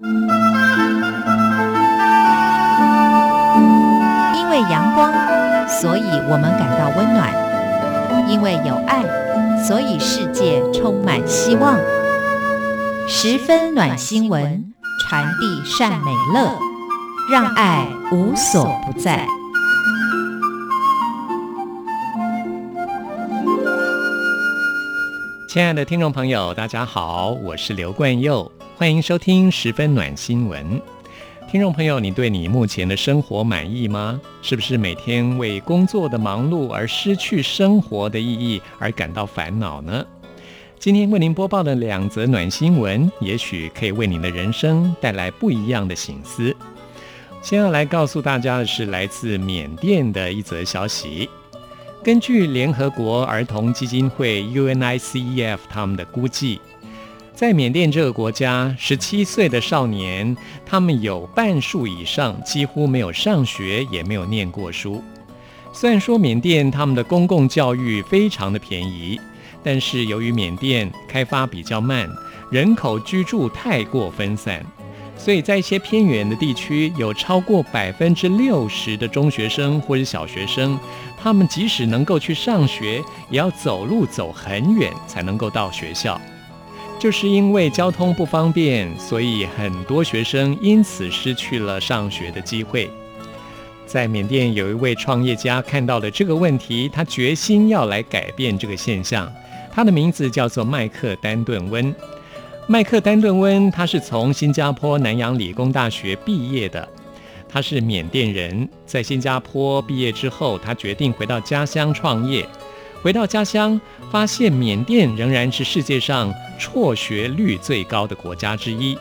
因為陽光，所以我們感到溫暖；因為有愛，所以世界充滿希望。十分暖新聞，傳遞善美樂，讓愛無所不在。親愛的聽眾朋友，大家好，我是劉冠佑。歡迎收聽《十分暖新聞》，聽眾朋友，你對你目前的生活滿意嗎？是不是每天為工作的忙碌而失去生活的意義而感到煩惱呢？今天為您播報的兩則暖新聞，也許可以為您的人生帶來不一樣的省思。先要來告訴大家的是，來自緬甸的一則消息。根據聯合國兒童基金會 （UNICEF） 他們的估計。在緬甸這個國家，十七歲的少年，他們有半數以上幾乎沒有上學，也沒有念過書。雖然說緬甸他們的公共教育非常的便宜，但是由於緬甸開發比較慢，人口居住太過分散，所以在一些偏遠的地區，有超過百分之六十的中學生或者小學生，他們即使能夠去上學，也要走路走很遠才能夠到學校。就是因為交通不方便，所以很多學生因此失去了上學的機會。在緬甸有一位創業家看到了這個問題，他決心要來改變這個現象。他的名字叫做麥克丹頓溫。麥克丹頓溫他是從新加坡南洋理工大學畢業的，他是緬甸人。在新加坡畢業之後，他決定回到家鄉創業。回到家鄉，發現緬甸仍然是世界上輟學率最高的國家之一。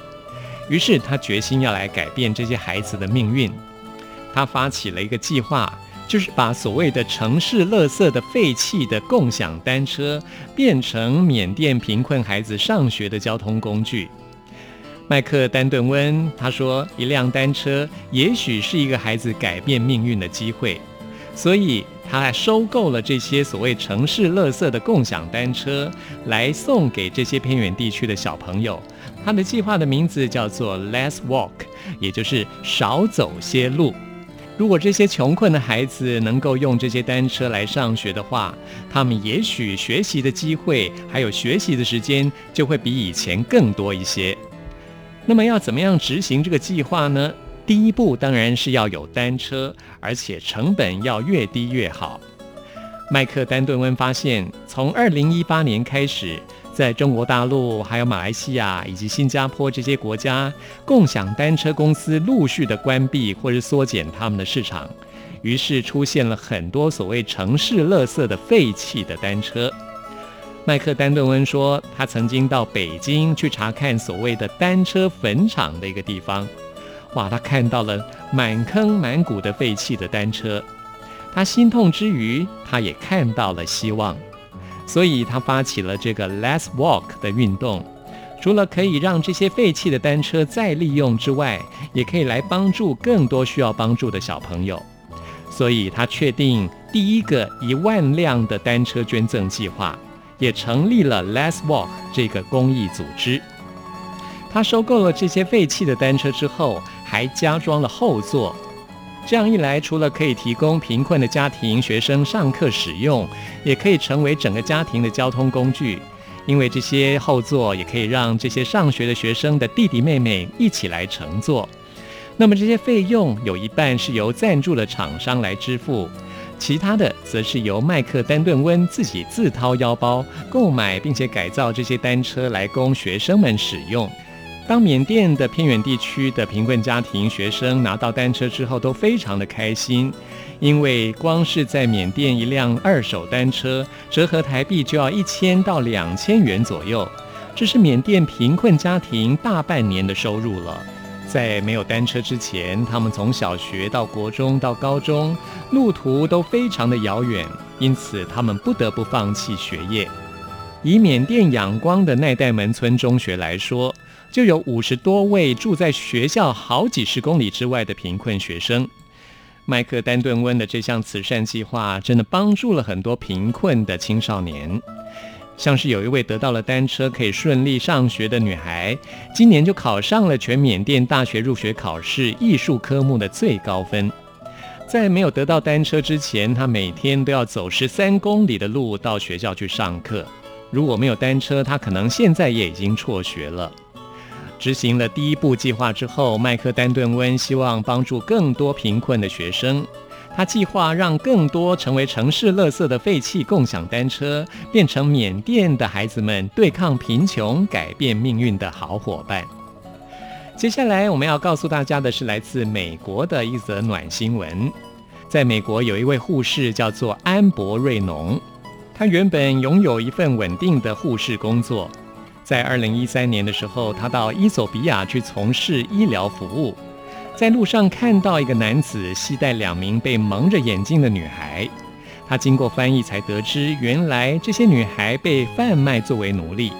於是他決心要來改變這些孩子的命運。他發起了一個計劃，就是把所謂的城市垃圾的廢棄的共享單車，變成緬甸貧困孩子上學的交通工具。麥克丹頓溫他說：“一輛單車也許是一個孩子改變命運的機會。”所以，他還收購了這些所謂城市垃圾的共享單車，來送給這些偏遠地區的小朋友。他的計劃的名字叫做 “Less Walk”，也就是少走些路。如果這些窮困的孩子能夠用這些單車來上學的話，他們也許學習的機會還有學習的時間就會比以前更多一些。那麼，要怎麼樣執行這個計劃呢？第一步當然是要有單車，而且成本要越低越好。麥克丹頓溫發現，從二零一八年開始，在中國大陸、還有馬來西亞以及新加坡這些國家，共享單車公司陸續的關閉或者縮減他們的市場，於是出現了很多所謂城市垃圾的廢棄的單車。麥克丹頓溫說，他曾經到北京去查看所謂的單車墳場的一個地方。把他看到了滿坑滿谷的廢棄的單車，他心痛之餘，他也看到了希望，所以他發起了這個 Less Walk 的運動。除了可以讓這些廢棄的單車再利用之外，也可以來幫助更多需要幫助的小朋友。所以他確定第一個一萬輛的單車捐贈計劃，也成立了 Less Walk 這個公益組織。他收購了這些廢棄的單車之後，還加裝了後座。這樣一來，除了可以提供貧困的家庭學生上課使用，也可以成為整個家庭的交通工具。因為這些後座也可以讓這些上學的學生的弟弟妹妹一起來乘坐。那麼這些費用有一半是由贊助的廠商來支付，其他的則是由麥克丹頓溫自己自掏腰包購買，並且改造這些單車來供學生們使用。當緬甸的偏遠地區的貧困家庭學生拿到單車之後，都非常的開心，因為光是在緬甸一輛二手單車折合台幣就要一千到兩千元左右，這是緬甸貧困家庭大半年的收入了。在沒有單車之前，他們從小學到國中到高中，路途都非常的遙遠，因此他們不得不放棄學業。以緬甸仰光的奈代門村中學來說，就有五十多位住在學校好幾十公里之外的貧困學生。麥克丹頓溫的這項慈善計劃真的幫助了很多貧困的青少年，像是有一位得到了單車可以順利上學的女孩，今年就考上了全緬甸大學入學考試藝術科目的最高分。在沒有得到單車之前，她每天都要走十三公里的路到學校去上課。如果沒有單車，他可能現在也已經輟學了。執行了第一步計劃之後，麥克丹頓溫希望幫助更多貧困的學生。他計劃讓更多成為城市垃圾的廢棄共享單車，變成緬甸的孩子們對抗貧窮、改變命運的好夥伴。接下來我們要告訴大家的是來自美國的一則暖新聞。在美國，有一位護士叫做安博瑞農。他原本擁有一份穩定的護士工作，在二零一三年的時候，他到伊索比亞去從事醫療服務，在路上看到一個男子繫帶兩名被蒙着眼睛的女孩，他經過翻譯才得知，原來這些女孩被販賣作為奴隸。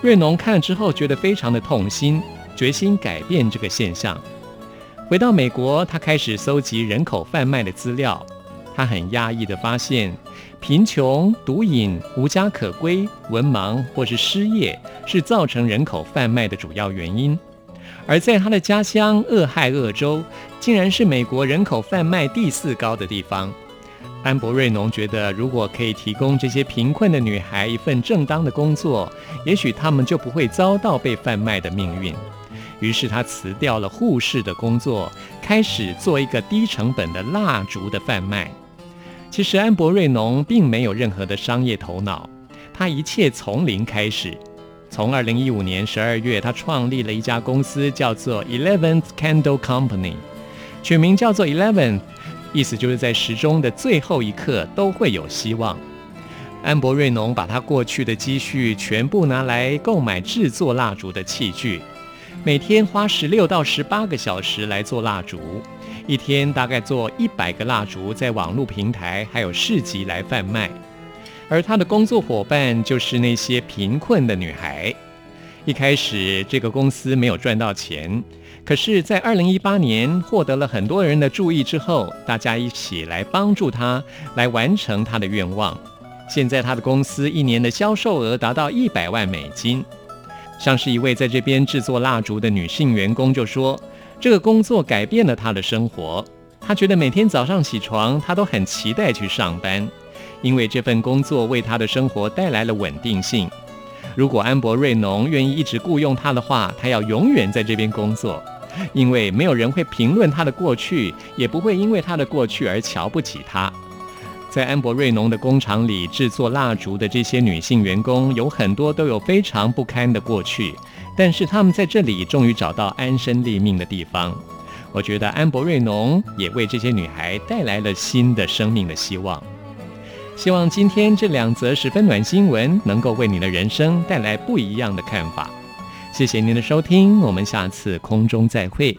瑞農看了之後覺得非常的痛心，決心改變這個現象。回到美國，他開始蒐集人口販賣的資料。他很壓抑地發現，貧窮、毒癮、無家可歸、文盲或是失業，是造成人口販賣的主要原因。而在他的家鄉俄亥俄州，竟然是美國人口販賣第四高的地方。安博瑞農覺得，如果可以提供這些貧困的女孩一份正當的工作，也許他們就不會遭到被販賣的命運。於是，他辭掉了護士的工作，開始做一個低成本的蠟燭的販賣。其實安博瑞農並沒有任何的商業頭腦，他一切從零開始。從二零一五年十二月，他創立了一家公司，叫做 Eleventh Candle Company，取名叫做 Eleventh，意思就是在時鐘的最後一刻都會有希望。安博瑞農把他過去的積蓄全部拿來購買製作蠟燭的器具，每天花十六到十八個小時來做蠟燭。一天大概做一百個蠟燭，在網絡平台還有市集來販賣，而他的工作夥伴就是那些貧困的女孩。一開始，這個公司沒有賺到錢，可是，在二零一八年獲得了很多人的注意之後，大家一起來幫助他，來完成他的願望。現在，他的公司一年的銷售額達到一百萬美金。像是一位在這邊製作蠟燭的女性員工就說。這個工作改變了他的生活，他覺得每天早上起床，他都很期待去上班，因為這份工作為他的生活帶來了穩定性。如果安博瑞農願意一直雇傭他的話，他要永遠在這邊工作，因為沒有人會評論他的過去，也不會因為他的過去而瞧不起他。在安博瑞農的工廠裡制作蠟燭的這些女性員工，有很多都有非常不堪的過去，但是他們在這裡終於找到安身立命的地方。我覺得安博瑞農也為這些女孩帶來了新的生命的希望。希望今天這兩則十分暖新聞能夠為你的人生帶來不一樣的看法。謝謝您的收聽，我們下次空中再會。